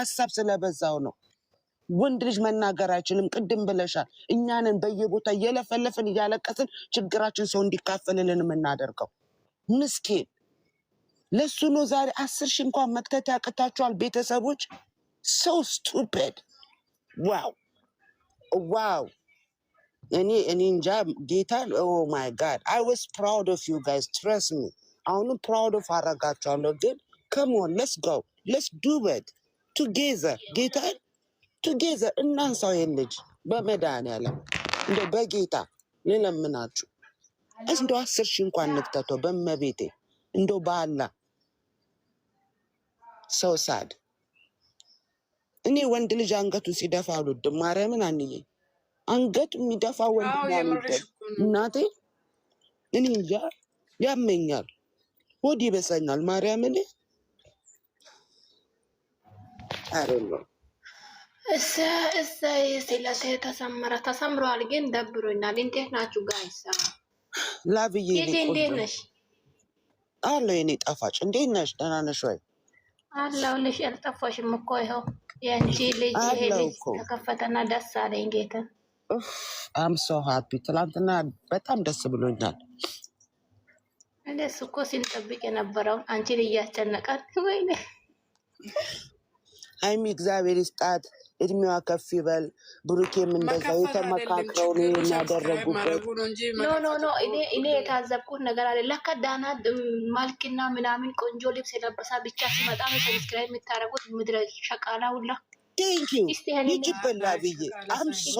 ሀሳብ ስለበዛው ነው። ወንድ ልጅ መናገር አይችልም። ቅድም ብለሻል። እኛንን በየቦታ እየለፈለፍን እያለቀስን ችግራችን ሰው እንዲካፈልልን የምናደርገው ምስኪን ለሱ ነው። ዛሬ አስር ሺ እንኳን መክተት ያቅታችኋል ቤተሰቦች። ሰው ስቱፒድ ዋው ዋው እኔ እኔ እንጃ ጌታ ኦ ማይ ጋድ አይ ወስ ፕራውድ ኦፍ ዩ ጋይስ ትረስ ሚ። አሁንም ፕራውድ ኦፍ አረጋችኋለሁ። ግን ከሞን ለስ ጎ ለስ ዱ በት ቱጌዘር ጌታ ቱጌዘር እናንሳው ይህን ልጅ በመድኃኒዓለም እንደ በጌታ ልለምናችሁ እንደ አስር ሺህ እንኳን ንክተተው በመቤቴ እንደ ባላ ሰው ሳድ እኔ ወንድ ልጅ አንገቱ ሲደፋ አልወድም። ማርያምን አንዬ አንገቱ የሚደፋ ወንድ ያሉድ እናቴ እኔ እንጃ ያመኛል፣ ሆድ ይበሰኛል። ማርያምን አይደለም እዛ ስላሴ ተሰመረ ተሰምረዋል፣ ግን ደብሮኛል። እንዴት ናችሁ ጋይስ? ላብዬ እንዴት ነሽ? አለ የኔ ጣፋጭ እንዴት ነሽ? ደህና ነሽ ወይ? አለሁልሽ። አልጠፋሽም እኮ ይኸው የአንቺ ልጅ ይሄ ልጅ ተከፈተና ደስ አለኝ። ጌታ አም ሶ ሃፒ። ትላንትና በጣም ደስ ብሎኛል። እንደሱ እኮ ሲንጠብቅ የነበረውን አንቺን እያስጨነቃት ወይኔ ሀይሚ እግዚአብሔር ይስጣት፣ እድሜዋ ከፍ ይበል። ብሩኬም እንደዛ የተመካክረው ነው የሚያደረጉበት። እኔ የታዘብኩት ነገር አለ። ለካ ዳና መልክና ምናምን ቆንጆ ልብስ የለበሳ ብቻ ሲመጣ ሰብስክራይብ የምታደረጉት ምድረ ሸቃላ ሁላ ይጅበላ ብዬ አምሶ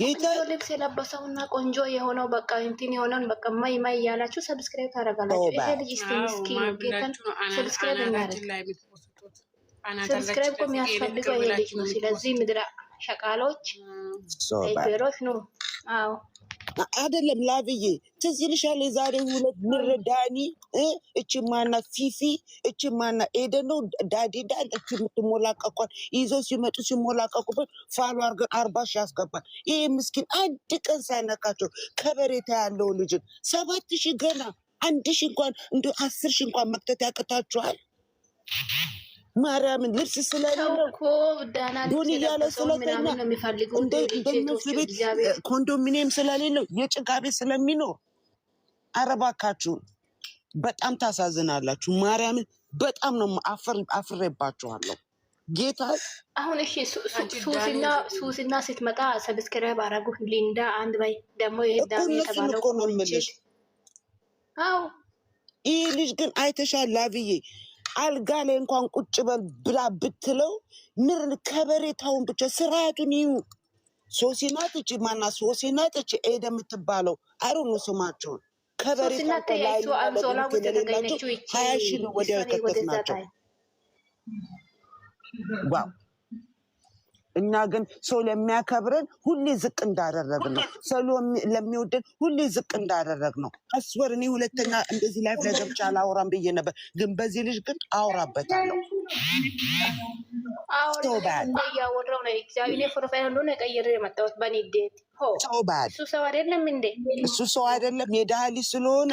ጌታ ልብስ የለበሰውና ቆንጆ የሆነው በቃ እንትን የሆነውን በቃ ማይ ማይ እያላችሁ ሰብስክራይብ ታደረጋላችሁ። ይሄ ልጅ ስቲ ምስኪን ጌታን ሰብስክራይብ እናደርግ ሰብስክራይብ እኮ የሚያስፈልገው የልጅ ነው። ስለዚህ ምድረ ሸቃሎች ሮች ነው። አዎ አይደለም ላብዬ ትዝ ይልሻል? የዛሬ ሁለት ምርዳኒ እች ማና ፊፊ እች ማና ኤደ ነው ዳዲዳን እች የምትሞላቀቋል ይዘው ሲመጡ ሲሞላቀቁበት ፋሉ አርገን አርባ ሺ ያስገባል። ይህ ምስኪን አንድ ቀን ሳይነካቸው ከበሬታ ያለው ልጅን ሰባት ሺ ገና አንድ ሺ እንኳን እንደ አስር ሺ እንኳን መክተት ያቅታችኋል። ማርያምን ልብስ ስለሌለውን እያለ ስለተኛ እንደነሱ ቤት ኮንዶሚኒየም ስለሌለው የጭቃ ቤት ስለሚኖር አረባካችሁን በጣም ታሳዝናላችሁ። ማርያምን በጣም ነው አፍሬባችኋለሁ። ጌታ አሁን እሺ፣ ሱስና ስትመጣ ሰብስክራይብ አረጉ። ሊንዳ አንድ ባይ ደግሞ ይህ ልጅ ግን አይተሻል ላብዬ አልጋ ላይ እንኳን ቁጭ በል ብላ ብትለው ምርን ከበሬታውን ብቻ ስርዓቱን ይዩ። ሶሲና ጥጭ ማና ሶሲና ጥጭ ኤደ የምትባለው አይሮኖ ነው ስማቸውን ከበሬታ ሀያ ሺህ ወደ ከተት ናቸው። እኛ ግን ሰው ለሚያከብረን ሁሌ ዝቅ እንዳደረግ ነው። ሰው ለሚወደን ሁሌ ዝቅ እንዳደረግ ነው። አስወር እኔ ሁለተኛ እንደዚህ ላይፍ ላይ ገብቼ አላወራም ብዬ ነበር፣ ግን በዚህ ልጅ ግን አወራበታለሁ። ሰው እሱ ሰው አይደለም። የዳህሊ ስለሆነ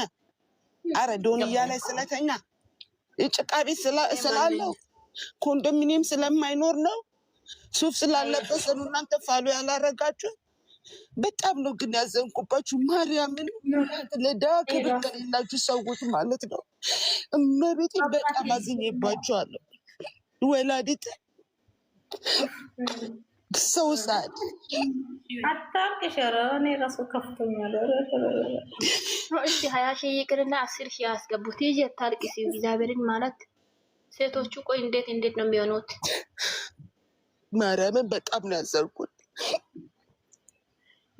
አረ ዶንያ ላይ ስለተኛ ጭቃ ቤት ስላለው ኮንዶሚኒየም ስለማይኖር ነው ሱፍ ስላለበሰ ነው እናንተ ፋሎ ያላረጋችሁ። በጣም ነው ግን ያዘንኩባችሁ። ማርያምን ለዳ ክብር የላችሁ ሰዎች ማለት ነው። እመቤቴ በጣም አዝኜባችኋለሁ። ወላዲት ሰው ሳድ ሀያ ይቅርና አስር ያስገቡት ይዤ ሲ እግዚአብሔርን ማለት ሴቶቹ ቆይ እንዴት እንዴት ነው የሚሆኑት? ማርያምን በጣም ነው ያዘንኩት።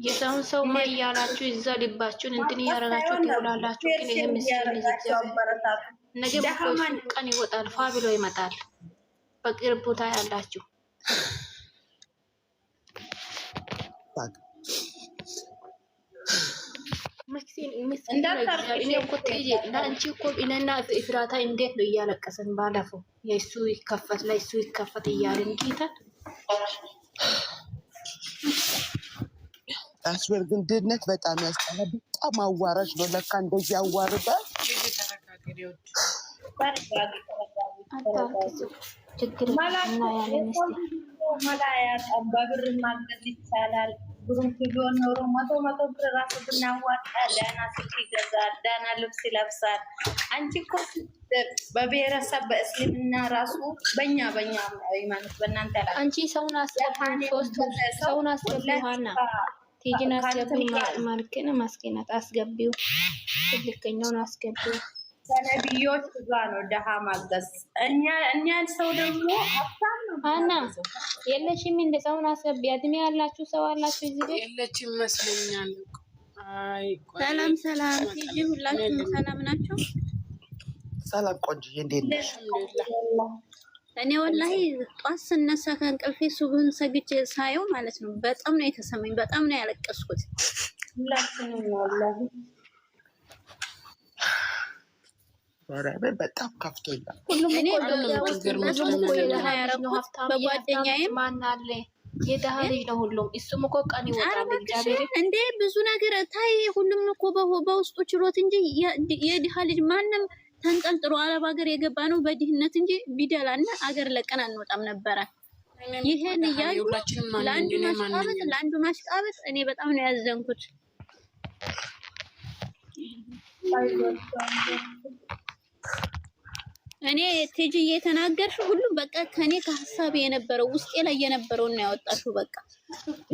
የሰውን ሰው ማ እያላችሁ እዛ ልባችሁን እንትን እያረጋችሁ ትውላላችሁ። ግን ይህ ምስል ነገ ቀን ይወጣል፣ ፋ ብሎ ይመጣል። በቅርብ ቦታ ያላችሁ እንዳንቺ እኮ እኔና ፍራታ እንዴት ነው እያለቀሰን ባለፈው የእሱ ይከፈት ላይ እሱ ይከፈት እያልን ጌታ አስበር ግን ድህነት በጣም ያስጠላ። በጣም አዋራጅ ነው። ለካ እንደዚህ አዋርዳ ችግር ማላ ያጠባ ብር ማገዝ ይቻላል። ብሩን ኖሮ መቶ መቶ ብር ራሱ ብናዋጣ ደህና ስልክ ይገዛል፣ ደህና ልብስ ይለብሳል። አንቺ እኮ በብሔረሰብ በእስልምና ራሱ በእኛ በእኛ ሃይማኖት በእናንተ ላይ አንቺ ሰውን ሰውን አስገቡና ቴጅን አስገቢ፣ ማልክን ማስኪናት አስገቢው፣ ትልከኛውን አስገቢው። ከነቢዮች እዛ ነው ደሃ ማገዝ። እኛ እኛን ሰው ደግሞ አታ አና የለሽም። እንደ ሰውን አሰብ እድሜ ያላችሁ ሰው አላችሁ እዚህ ቤት የለችም ይመስለኛል። ሰላም ሰላም፣ ሂጂ ሁላችሁም ሰላም ናችሁ? ሰላም ቆንጆዬ፣ እንዴት ነሽ? እኔ ወላሂ ጧት ስነሳ ከእንቅልፌ ሱብህን ሰግጄ ሳየው ማለት ነው በጣም ነው የተሰማኝ፣ በጣም ነው ያለቀስኩት። ሁላችንም ወላሂ በጣም ከፍቶኛል። በጓደኛዬም ማን አለ ልጅ ነው ሁሉም። እሱም እኮ ቀን ይወጣል። እንዴ ብዙ ነገር ታይ። ሁሉም እኮ በውስጡ ችሎት እንጂ የድሃ ልጅ ማንም ተንጠልጥሎ አረብ ሀገር የገባ ነው በድህነት እንጂ ቢደላና አገር ለቀን አንወጣም ነበረ። ይሄን እያዩ ለአንዱ ማሽቃበጥ ለአንዱ ማሽቃበጥ፣ እኔ በጣም ነው ያዘንኩት። እኔ ቲጂ እየተናገርሽ ሁሉም በቃ ከኔ ከሀሳብ የነበረው ውስጤ ላይ የነበረው ነው ያወጣሽው። በቃ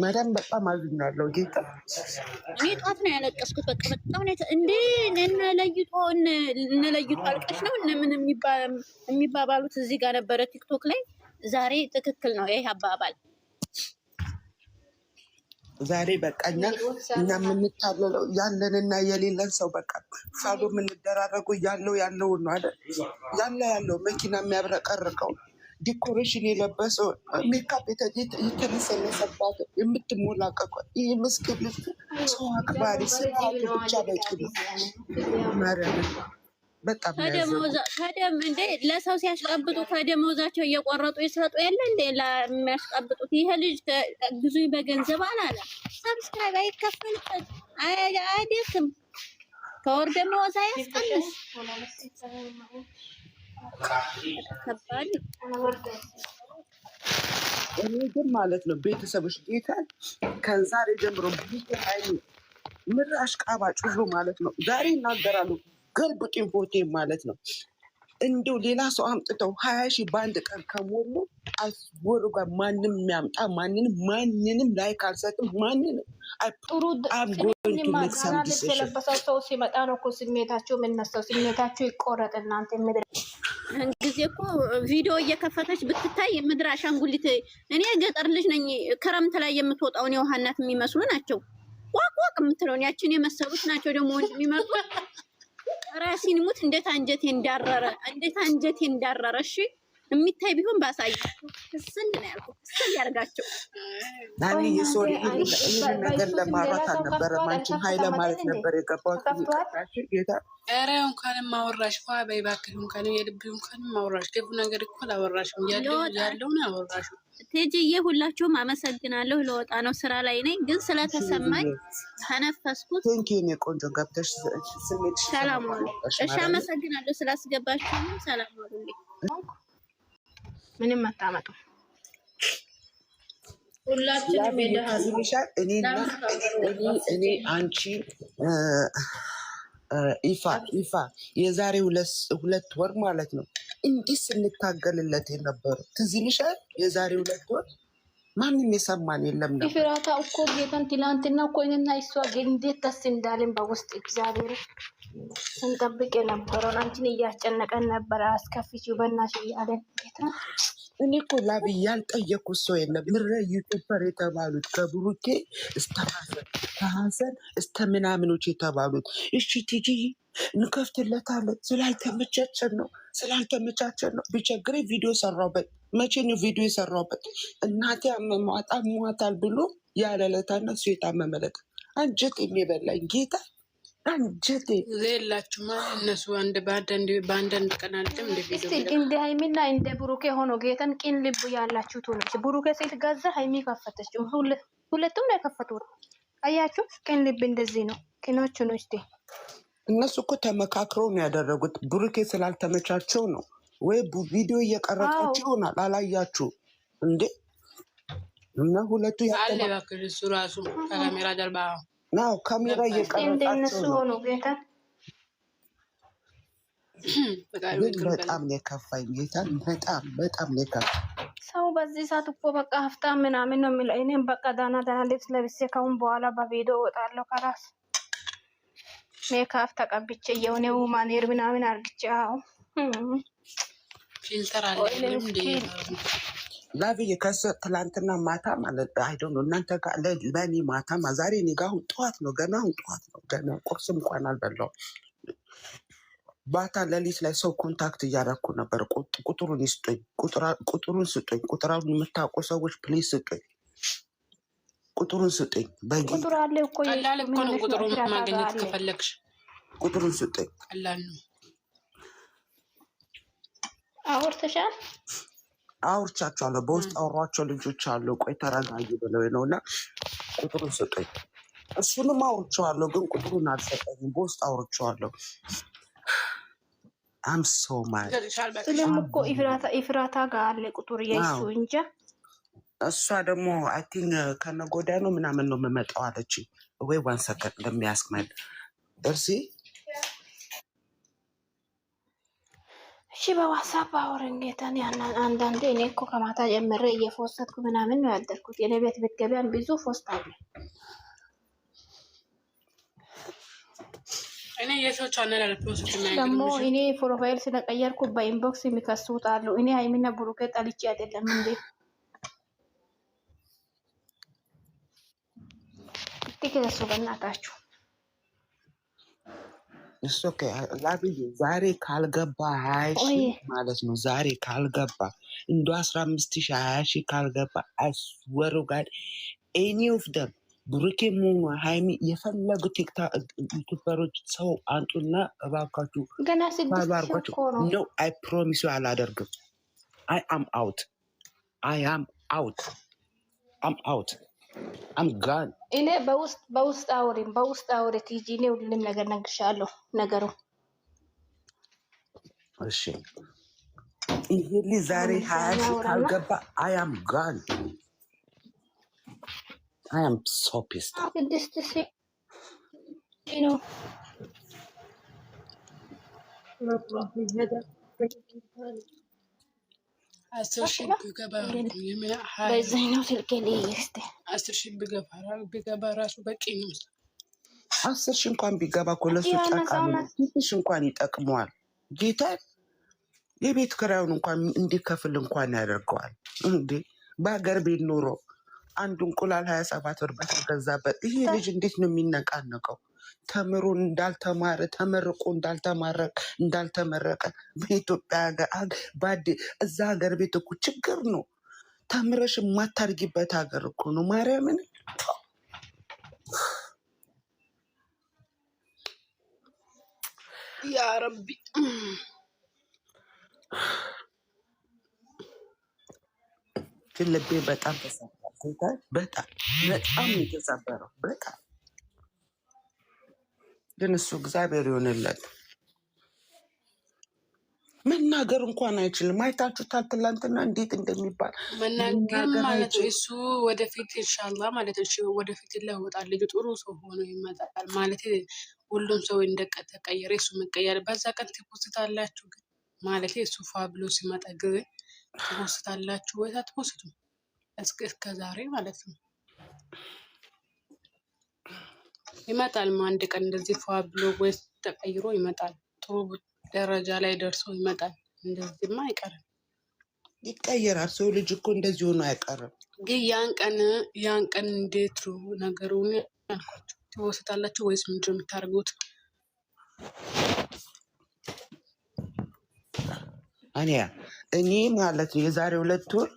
መዳም በጣም አዝኛለሁ። ጌታ እኔ ጧት ነው ያለቀስኩት። በቃ በጣም እንዴ እነለይጦ እነለይጦ አልቀሽ ነው እነምን የሚባባሉት እዚህ ጋር ነበረ ቲክቶክ ላይ። ዛሬ ትክክል ነው ይህ አባባል። ዛሬ በቃ እኛ እና የምንታለለው ያለንና የሌለን ሰው በቃ ፋሎ የምንደራረጉ ያለው ያለው ነው አይደል? ያለ ያለው መኪና የሚያብረቀርቀው ዲኮሬሽን የለበሰው ሜካፕ የተነሰነሰባት የምትሞላቀቀ ይህ ምስክል ሰው አክባሪ ስታቱ ብቻ በቂ ነው። ማርያም በጣም ከደም እንደ ለሰው ሲያሽቀብጡ ከደመወዛቸው እየቆረጡ ይሰጡ እንደ ይሄ ልጅ በገንዘብ አላለ። ሰብስክራይብ አይከፈልበት አይደክም። ከወር ደመወዝ አያስቀንስ። ከባድ እኔ ግን ማለት ነው ቤተሰቦች ከዛሬ ጀምሮ ብዙ ምር አሽቃባጭ ሁሉ ማለት ነው ዛሬ ይናገራሉ። ገልብጡ ኢምፖርቴን ማለት ነው። እንዲሁ ሌላ ሰው አምጥተው ሀያ ሺህ በአንድ ቀን ከሞሉ አስወሩ ጋር ማንም የሚያምጣ ማንንም ማንንም ላይ ካልሰጥም ማንንም ጥሩ ልብስ የለበሰ ሰው ሲመጣ ነው እኮ ስሜታቸው የምነሳው። ስሜታቸው ይቆረጥ እናንተ ምድር ጊዜ እኮ ቪዲዮ እየከፈተች ብትታይ ምድር አሻንጉሊት። እኔ የገጠር ልጅ ነኝ። ክረምት ላይ የምትወጣውን የውሃ እናት የሚመስሉ ናቸው። ዋቅ ዋቅ የምትለውን ያችን የመሰሉት ናቸው ደግሞ ወንድ የሚመጡ ራሴን ሙት እንዴት አንጀቴ እንዳረረ እንዴት አንጀቴ እንዳረረ እሺ የሚታይ ቢሆን ባሳያቸው ስል ነው ያልኩት። ስል ያርጋቸው ሶሪ። ይህን ነገር ለማውራት አልነበረም፣ አንቺን ነበር የገባት። ኧረ እንኳንም አወራሽ በይ እንኳን የልብ እንኳንም አወራሽ። ገቡ ነገር እኮ አላወራሽም፣ ያለውን አወራሽ። ቴጅዬ ሁላችሁም አመሰግናለሁ። ለወጣ ነው ስራ ላይ ነኝ፣ ግን ስለተሰማኝ ተነፈስኩት። ገብተሽ ስሜት ሰላም ዋሉ። እሺ፣ አመሰግናለሁ ስላስገባችሁ። ሰላም ዋሉ። ምንም አታመጡ። ሁላችንም እኔ አንቺ ይፋ ይፋ የዛሬ ሁለት ወር ማለት ነው እንዲህ ስንታገልለት የነበረ ትዝ ይልሻል? የዛሬ ሁለት ወር ማንም የሰማን የለም ነው ፍራታ እኮ ጌታን ትላንትና እኮ እኔና እሷ እንዴት ደስ እንዳለን በውስጥ እግዚአብሔር ስንጠብቅ የነበረውን አንቺን እያስጨነቀን ነበረ። አስከፍቺው በእናትሽ እያለ ጌታ እኔ እኮ ላብ ያልጠየቁ ሰው የለም። ምረ ዩቱበር የተባሉት ከብሩኬ እስከ ሀሰን ከሀሰን እስከ ምናምኖች የተባሉት እሺ ቲጂ እንከፍትለታለን ስላልተመቻቸን ነው ስላልተመቻቸን ነው። ቢቸግሬ ቪዲዮ ሰራበት። መቼ ነው ቪዲዮ የሰራበት? እናቴ አመሟት ሟታል ብሎ ያለለታና እሱ የታመመለት አንጀት የሚበላኝ ጌታ አንጀቴ እነሱ በአንዳንድ ቀን አልጭም እንደ ሀይሚና እንደ ብሩኬ ሆኖ ጌታን ቅን ልቡ ያላችሁ ትሆነች። ብሩኬ ሴት ሀይሚ ከፈተች፣ ሁለቱም ነው የከፈቱት። አያችሁ፣ ቅን ልብ እንደዚህ ነው። ነው። እስቲ እነሱ እኮ ተመካክረው ነው ያደረጉት። ብሩኬ ስላልተመቻቸው ነው ወይ ቪዲዮ እየቀረጸች ይሆናል። አላያችሁ እንዴ? እና ሁለቱ ያለ እሱ ራሱ ከካሜራ ጀርባ ናው ካሜራ እየቀረጣቸው ነው። በጣም ነው የከፋኝ ጌታ፣ በጣም በጣም ነው የከፋኝ። ሰው በዚህ ሰዓት እኮ በቃ ሀፍታ ምናምን ነው የሚለው። እኔም በቃ ዳና ዳና ልብስ ለብሴ ካሁን በኋላ በቪዲዮ እወጣለሁ ከራስ ሜካፍ ተቀብቼ የሆነ ማኔር ምናምን አርግቼ ፊልተር አለ ላቪ ከሰ ትላንትና ማታ ማለት አይዶ ነው እናንተ ጋር ለእኔ ማታማ ዛሬ እኔ ጋር አሁን ጠዋት ነው፣ ገና አሁን ጠዋት ነው። ገና ቁርስ እንኳን አልበላሁም። ባታ ለሊት ላይ ሰው ኮንታክት እያደረኩ ነበር። ቁጥሩን ይስጡኝ፣ ቁጥሩን ስጡኝ፣ ቁጥራሩን የምታውቁ ሰዎች ፕሊዝ ስጡኝ፣ ቁጥሩን ስጡኝ። በቁጥር አለ እኮ ቀላል እኮ ነው። ቁጥሩን ማግኘት ከፈለግሽ ቁጥሩን ስጡኝ። ቀላል ነው። አውርተሻል አውርቻቸዋለሁ። በውስጥ አውሯቸው ልጆች አሉ። ቆይ ተረጋጊ ብለው ነው እና ቁጥሩን ስጠኝ። እሱንም አውርቼዋለሁ፣ ግን ቁጥሩን አልሰጠኝም። በውስጥ አውርቼዋለሁ። አም ሶ ማሱንም እኮ ኢፍራታ ጋር አለ ቁጥር የሱ እንጂ እሷ ደግሞ አይ ቲንክ ከነጎዳ ነው ምናምን ነው የምመጣው አለችኝ። ወይ ዋን ሰከንድ ለሚያስክመል እርሲ እሺ በዋትሳፕ አውረን ጌታን አንዳንዴ እኔ እኮ ከማታ ጀምሬ እየፎሰትኩ ምናምን ነው ያደርኩት። የኔ ቤት ብትገቢያን ብዙ ፎስት አለ። ደግሞ እኔ ፕሮፋይል ስለቀየርኩ በኢንቦክስ የሚከሱት አሉ። እኔ ሀይሚና ብሩኬ ጠልቼ አይደለም እንዴ ትክለሱ በእናታችሁ እሱ ላብዬ ዛሬ ካልገባ ሀያ ሺ ማለት ነው። ዛሬ ካልገባ እንደ አስራ አምስት ሺ ሀያ ሺ ካልገባ አስወሩ ጋር ኤኒ ኦፍ ደም ብሩኬ ሙኑ ሀይሚ የፈለጉ ቲክታ ዩቱበሮች ሰው አንጡና እባካችሁ ገና ስድስት ነው። አይ ፕሮሚስ አላደርግም። አይ አም አውት አይ አም አውት አም አውት አምጋን እኔ በውስጥ በውስጥ አውሪም በውስጥ አውሪ ቲጂ እኔ ሁሉንም ነገር ነግርሻለሁ። ነገሩ እሺ ይሄ ልጅ ዛሬ ሀያ ሺህ ካልገባ አያም ጋን አያም ሶ ፒስድ ስድስት ሺ ነው አስር ሺህ እንኳን ቢገባ እኮ ለሱ ጠቃሚ ትንሽ እንኳን ይጠቅመዋል። ጌታን የቤት ክራዩን እንኳን እንዲከፍል እንኳን ያደርገዋል። እንዴ በሀገር ቤት ኑሮ አንዱ እንቁላል ሀያ ሰባት ብር በተገዛበት ይሄ ልጅ እንዴት ነው የሚነቃነቀው? ተምሮ እንዳልተማረ ተመርቆ እንዳልተማረቀ እንዳልተመረቀ በኢትዮጵያ ባዴ እዛ ሀገር ቤት እኮ ችግር ነው። ተምረሽ የማታድጊበት ሀገር እኮ ነው። ማርያምን ያረቢ ግን ልቤ በጣም ተሰበረ። በጣም በጣም የተሰበረው በጣም ግን እሱ እግዚአብሔር ይሆንለት መናገር እንኳን አይችልም። አይታችሁታል ትላንትና እንዴት እንደሚባል መናገር ማለት እሱ ወደፊት እንሻላ ማለት ወደፊት ለወጣ ልጅ ጥሩ ሰው ሆኖ ይመጣል ማለት ሁሉም ሰው እንደተቀየረ እሱ መቀየር በዛ ቀን ትፖስታላችሁ ማለት እሱ ፋ ብሎ ሲመጣ ትፖስታላችሁ ወይ አትፖስቱም? እስከ ዛሬ ማለት ነው ይመጣል። አንድ ቀን እንደዚህ ፏ ብሎ ወይስ ተቀይሮ ይመጣል። ጥሩ ደረጃ ላይ ደርሶ ይመጣል። እንደዚህማ አይቀርም። ይቀየራል። ሰው ልጅ እኮ እንደዚህ ሆኖ አይቀርም። ግን ያን ቀን ያን ቀን እንዴት ነገሩን ያልኳቸው ወይስ ምንድን ነው የምታደርጉት? እኔ እኔ ማለት ነው የዛሬ ሁለት ወር